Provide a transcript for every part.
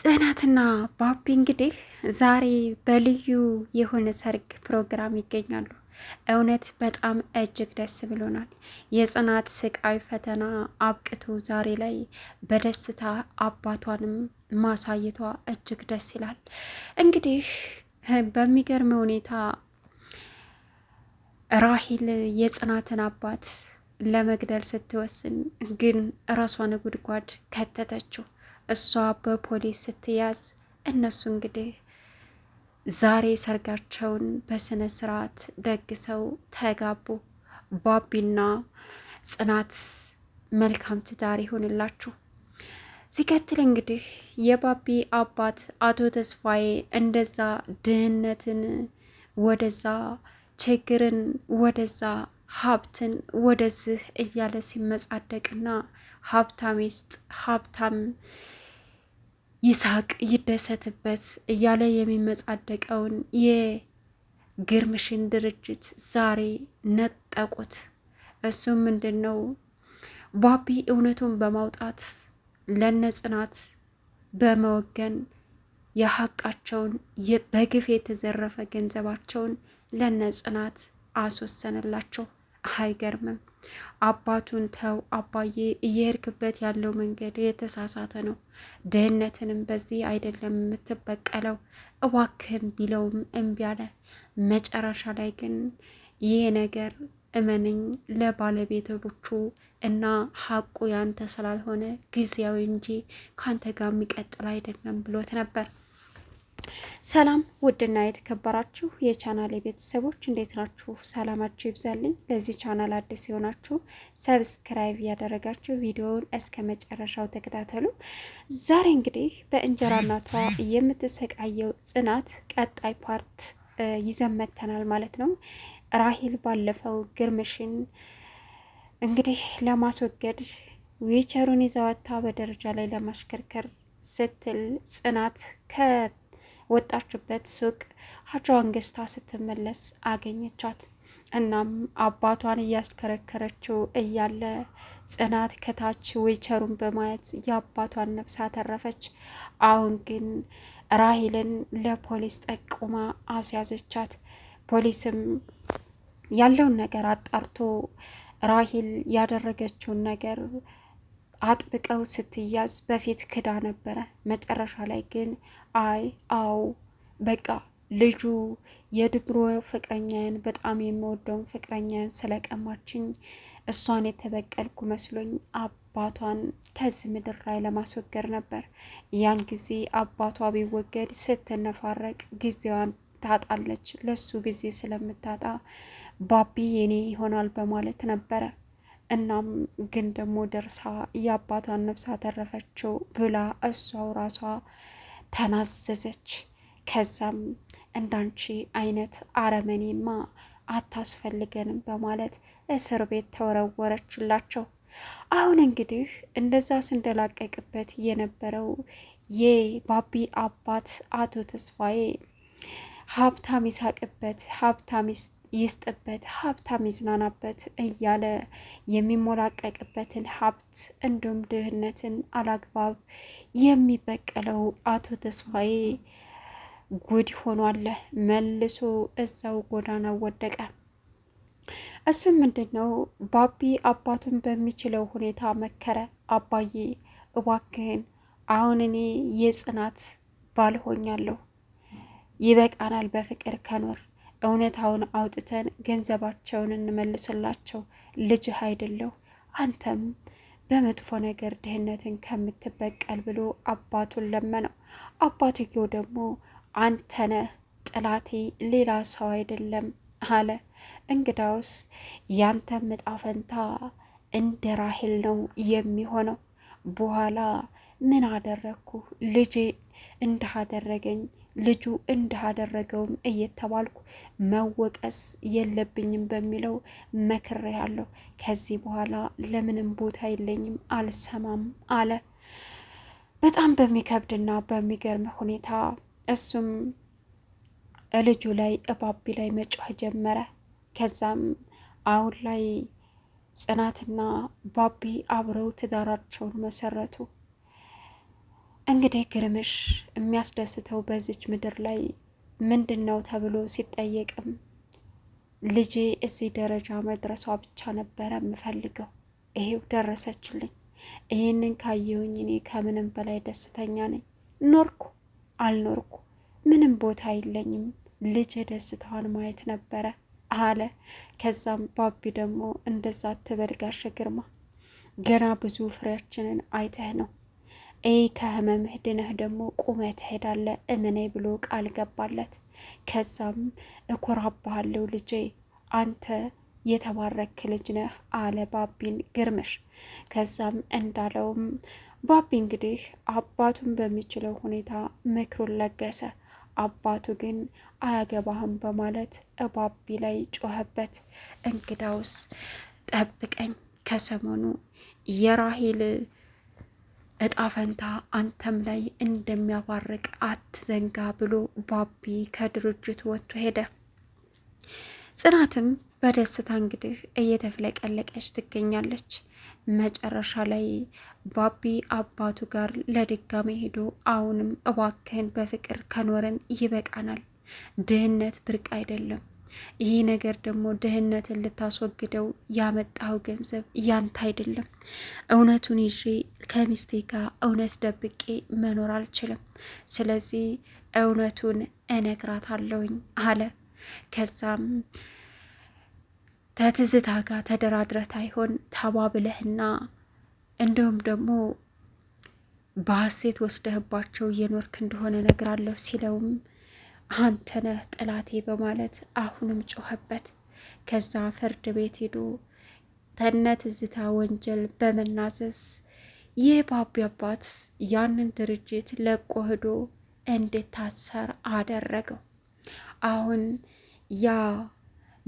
ጽናትና ባቢ እንግዲህ ዛሬ በልዩ የሆነ ሰርግ ፕሮግራም ይገኛሉ። እውነት በጣም እጅግ ደስ ብሎናል። የጽናት ስቃይ ፈተና አብቅቶ ዛሬ ላይ በደስታ አባቷንም ማሳየቷ እጅግ ደስ ይላል። እንግዲህ በሚገርም ሁኔታ ራሂል የጽናትን አባት ለመግደል ስትወስን ግን እራሷን ጉድጓድ ከተተችው። እሷ በፖሊስ ስትያዝ እነሱ እንግዲህ ዛሬ ሰርጋቸውን በስነ ስርዓት ደግሰው ተጋቡ። ባቢና ጽናት መልካም ትዳር ይሆንላችሁ። ሲቀጥል እንግዲህ የባቢ አባት አቶ ተስፋዬ እንደዛ ድህነትን ወደዛ ችግርን ወደዛ ሀብትን ወደዚህ እያለ ሲመጻደቅና ሀብታም ይስጥ ሀብታም ይሳቅ ይደሰትበት እያለ የሚመጻደቀውን የግርምሽን ድርጅት ዛሬ ነጠቁት። እሱም ምንድን ነው ባቢ እውነቱን በማውጣት ለነ ጽናት በመወገን የሀቃቸውን በግፍ የተዘረፈ ገንዘባቸውን ለነ ጽናት አስወሰነላቸው። አይገርምም። አባቱን ተው አባዬ፣ እየሄድክበት ያለው መንገድ የተሳሳተ ነው። ድህነትንም በዚህ አይደለም የምትበቀለው እባክህን ቢለውም እምቢ አለ። መጨረሻ ላይ ግን ይህ ነገር እመንኝ ለባለቤቶቹ እና ሀቁ ያንተ ስላልሆነ ጊዜያዊ እንጂ ካንተ ጋር የሚቀጥል አይደለም ብሎት ነበር። ሰላም ውድና የተከበራችሁ የቻናል የቤተሰቦች እንዴት ናችሁ? ሰላማችሁ ይብዛልኝ። ለዚህ ቻናል አዲስ የሆናችሁ ሰብስክራይብ ያደረጋችሁ ቪዲዮውን እስከ መጨረሻው ተከታተሉ። ዛሬ እንግዲህ በእንጀራ እናቷ የምትሰቃየው ጽናት ቀጣይ ፓርት ይዘመተናል ማለት ነው። ራሂል ባለፈው ግርምሽን እንግዲህ ለማስወገድ ዊቸሩን ይዘዋታ በደረጃ ላይ ለማሽከርከር ስትል ጽናት ከ ወጣችበት ሱቅ ሀጃዋን ገዝታ ስትመለስ አገኘቻት። እናም አባቷን እያሽከረከረችው እያለ ጽናት ከታች ዊልቸሩን በማየት የአባቷን ነፍስ አተረፈች። አሁን ግን ራሂልን ለፖሊስ ጠቁማ አስያዘቻት። ፖሊስም ያለውን ነገር አጣርቶ ራሂል ያደረገችውን ነገር አጥብቀው ስትያዝ በፊት ክዳ ነበረ። መጨረሻ ላይ ግን አይ አው በቃ ልጁ የድብሮ ፍቅረኛን በጣም የሚወደውን ፍቅረኛን ስለቀማችኝ እሷን የተበቀልኩ መስሎኝ አባቷን ከዚህ ምድር ላይ ለማስወገድ ነበር። ያን ጊዜ አባቷ ቢወገድ ስትነፋረቅ ጊዜዋን ታጣለች። ለሱ ጊዜ ስለምታጣ ባቢ የኔ ይሆናል በማለት ነበረ እናም ግን ደግሞ ደርሳ የአባቷን ነፍስ አተረፈችው ብላ እሷው ራሷ ተናዘዘች። ከዛም እንዳንቺ አይነት አረመኔማ አታስፈልገንም በማለት እስር ቤት ተወረወረችላቸው። አሁን እንግዲህ እንደዛ ስንደላቀቅበት የነበረው የባቢ አባት አቶ ተስፋዬ ሀብታም ይሳቅበት ሀብታም ይስጥበት፣ ሀብታም ይዝናናበት እያለ የሚሞላቀቅበትን ሀብት እንዲሁም ድህነትን አላግባብ የሚበቀለው አቶ ተስፋዬ ጉድ ሆኗል። መልሶ እዛው ጎዳና ወደቀ። እሱም ምንድን ነው ባቢ አባቱን በሚችለው ሁኔታ መከረ። አባዬ እባክህን አሁን እኔ የጽናት ባልሆኛለሁ ይበቃናል በፍቅር ከኖር እውነታውን አውጥተን ገንዘባቸውን እንመልስላቸው። ልጅህ አይደለሁ አንተም በመጥፎ ነገር ድህነትን ከምትበቀል ብሎ አባቱን ለመነው። አባትየው ደግሞ አንተነህ ጥላቴ ሌላ ሰው አይደለም አለ። እንግዳውስ ያንተ እጣ ፈንታ እንደ ራሄል ነው የሚሆነው። በኋላ ምን አደረግኩ ልጄ እንዳደረገኝ ልጁ እንዳደረገውም እየተባልኩ መወቀስ የለብኝም በሚለው መክሬ ያለሁ። ከዚህ በኋላ ለምንም ቦታ የለኝም አልሰማም አለ። በጣም በሚከብድና በሚገርም ሁኔታ እሱም ልጁ ላይ እባቢ ላይ መጮህ ጀመረ። ከዛም አሁን ላይ ጽናትና ባቢ አብረው ትዳራቸውን መሰረቱ። እንግዲህ ግርምሽ የሚያስደስተው በዚች ምድር ላይ ምንድን ነው ተብሎ ሲጠየቅም ልጄ እዚህ ደረጃ መድረሷ ብቻ ነበረ የምፈልገው፣ ይሄው ደረሰችልኝ። ይህንን ካየሁኝ እኔ ከምንም በላይ ደስተኛ ነኝ። ኖርኩ አልኖርኩ ምንም ቦታ የለኝም። ልጄ ደስታዋን ማየት ነበረ አለ። ከዛም ባቢ ደግሞ እንደዛ አትበል ጋሽ ግርማ፣ ገና ብዙ ፍሬያችንን አይተህ ነው ይህ ከህመምህ ድነህ ደግሞ ቁመ ትሄዳለ እምኔ ብሎ ቃል ገባለት። ከዛም እኮራባሃለሁ ልጄ አንተ የተባረክ ልጅ ነህ አለ ባቢን ግርምሽ። ከዛም እንዳለውም ባቢ እንግዲህ አባቱን በሚችለው ሁኔታ ምክሩን ለገሰ። አባቱ ግን አያገባህም በማለት ባቢ ላይ ጮኸበት። እንግዳውስ ጠብቀኝ ከሰሞኑ የራሂል እጣ ፈንታ አንተም ላይ እንደሚያባርቅ አትዘንጋ ብሎ ባቢ ከድርጅቱ ወጥቶ ሄደ። ጽናትም በደስታ እንግዲህ እየተፍለቀለቀች ትገኛለች። መጨረሻ ላይ ባቢ አባቱ ጋር ለድጋሚ ሄዶ አሁንም እባክህን በፍቅር ከኖረን ይበቃናል፣ ድህነት ብርቅ አይደለም ይሄ ነገር ደግሞ ድህነትን ልታስወግደው ያመጣው ገንዘብ ያንተ አይደለም። እውነቱን ይዤ ከሚስቴ ጋር እውነት ደብቄ መኖር አልችልም። ስለዚህ እውነቱን እነግራታለሁኝ አለ። ከዛም ተትዝታ ጋር ተደራድረት አይሆን ተባብለህና እንዲሁም ደግሞ በሀሴት ወስደህባቸው እየኖርክ እንደሆነ ነግራለሁ ሲለውም አንተ ነህ ጥላቴ በማለት አሁንም ጮኸበት። ከዛ ፍርድ ቤት ሄዶ ተነት ዝታ ወንጀል በመናዘዝ ይህ ባቢ አባት ያንን ድርጅት ለቆ ሄዶ እንድታሰር አደረገው። አሁን ያ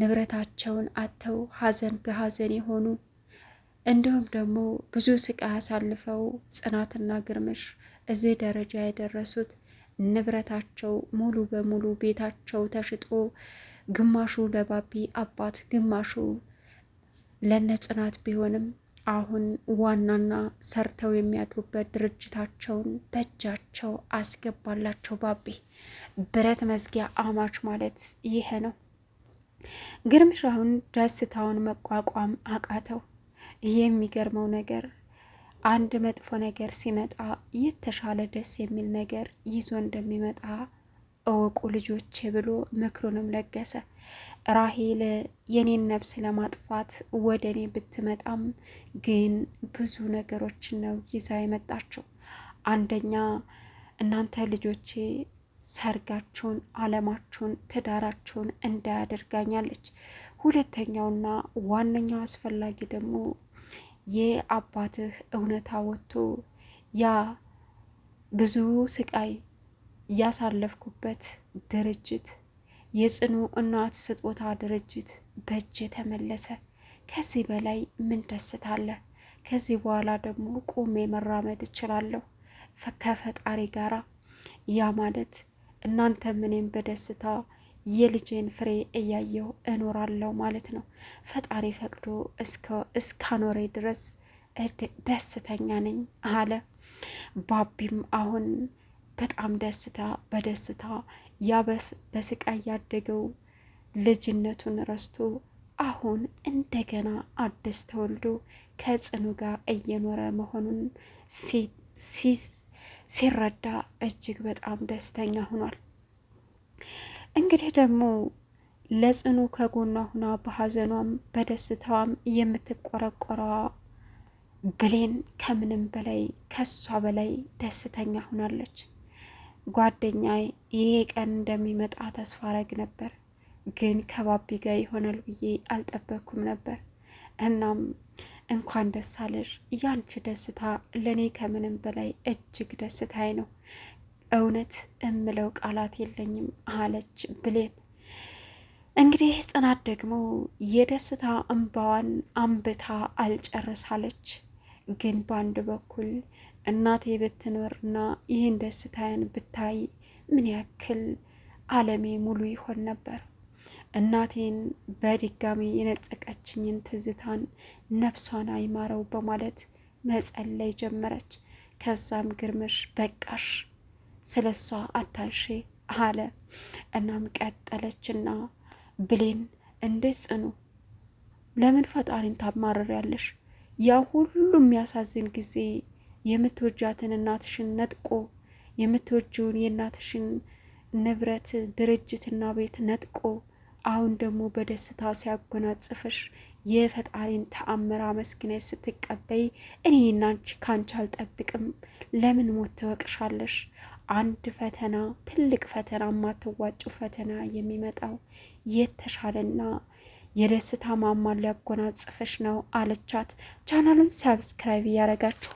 ንብረታቸውን አጥተው ሀዘን በሀዘን የሆኑ እንዲሁም ደግሞ ብዙ ስቃይ አሳልፈው ጽናትና ግርምሽ እዚህ ደረጃ የደረሱት ንብረታቸው ሙሉ በሙሉ ቤታቸው ተሽጦ ግማሹ ለባቢ አባት ግማሹ ለነጽናት ቢሆንም አሁን ዋናና ሰርተው የሚያድሩበት ድርጅታቸውን በእጃቸው አስገባላቸው። ባቢ ብረት መዝጊያ አማች ማለት ይሄ ነው። ግርምሻውን ደስታውን መቋቋም አቃተው። የሚገርመው ነገር አንድ መጥፎ ነገር ሲመጣ የተሻለ ደስ የሚል ነገር ይዞ እንደሚመጣ እወቁ ልጆቼ ብሎ ምክሩንም ለገሰ። ራሄል የኔን ነፍስ ለማጥፋት ወደ እኔ ብትመጣም ግን ብዙ ነገሮችን ነው ይዛ የመጣችው። አንደኛ እናንተ ልጆቼ ሰርጋችሁን፣ አለማችሁን፣ ትዳራችሁን እንዳያደርጋኛለች። ሁለተኛውና ዋነኛው አስፈላጊ ደግሞ የአባትህ እውነታ ወጥቶ ያ ብዙ ስቃይ ያሳለፍኩበት ድርጅት የጽኑ እናት ስጦታ ድርጅት በእጅ የተመለሰ ከዚህ በላይ ምን ደስታ አለ? ከዚህ በኋላ ደግሞ ቁሜ መራመድ እችላለሁ ከፈጣሪ ጋራ። ያ ማለት እናንተ ምንም በደስታ የልጄን ፍሬ እያየው እኖራለሁ ማለት ነው። ፈጣሪ ፈቅዶ እስካኖሬ ድረስ ደስተኛ ነኝ አለ። ባቢም አሁን በጣም ደስታ በደስታ ያ በስቃይ ያደገው ልጅነቱን ረስቶ አሁን እንደገና አዲስ ተወልዶ ከጽኑ ጋር እየኖረ መሆኑን ሲረዳ እጅግ በጣም ደስተኛ ሆኗል። እንግዲህ ደግሞ ለጽኑ ከጎኗ ሁና በሀዘኗም በደስታዋም የምትቆረቆረዋ ብሌን ከምንም በላይ ከሷ በላይ ደስተኛ ሆናለች። ጓደኛ ይሄ ቀን እንደሚመጣ ተስፋ አረግ ነበር፣ ግን ከባቢ ጋር ይሆናል ብዬ አልጠበኩም ነበር። እናም እንኳን ደስ አለሽ። ያንቺ ደስታ ለእኔ ከምንም በላይ እጅግ ደስታዬ ነው። እውነት እምለው ቃላት የለኝም አለች ብሌን። እንግዲህ ጽናት ደግሞ የደስታ እንባዋን አንብታ አልጨረሳለች። ግን በአንድ በኩል እናቴ ብትኖርና ይህን ደስታዬን ብታይ ምን ያክል ዓለሜ ሙሉ ይሆን ነበር። እናቴን በድጋሚ የነጠቀችኝን ትዝታን ነፍሷን አይማረው በማለት መጸለይ ጀመረች። ከዛም ግርምሽ በቃሽ ስለ እሷ አታንሺ አለ። እናም ቀጠለችና ብሌን እንዴት ጽኑ ለምን ፈጣሪን ታማርሪያለሽ? ያ ሁሉ የሚያሳዝን ጊዜ የምትወጃትን እናትሽን ነጥቆ የምትወጂውን የእናትሽን ንብረት ድርጅትና ቤት ነጥቆ አሁን ደግሞ በደስታ ሲያጎናጽፍሽ የፈጣሪን ተአምር አመስግነሽ ስትቀበይ እኔ ናንቺ ካንቺ አልጠብቅም። ለምን ሞት ትወቅሻለሽ? አንድ ፈተና ትልቅ ፈተና የማትዋጭው ፈተና የሚመጣው የተሻለና የደስታ ማማ ሊያጎናጽፍሽ ነው አለቻት። ቻናሉን ሰብስክራይብ እያረጋችሁ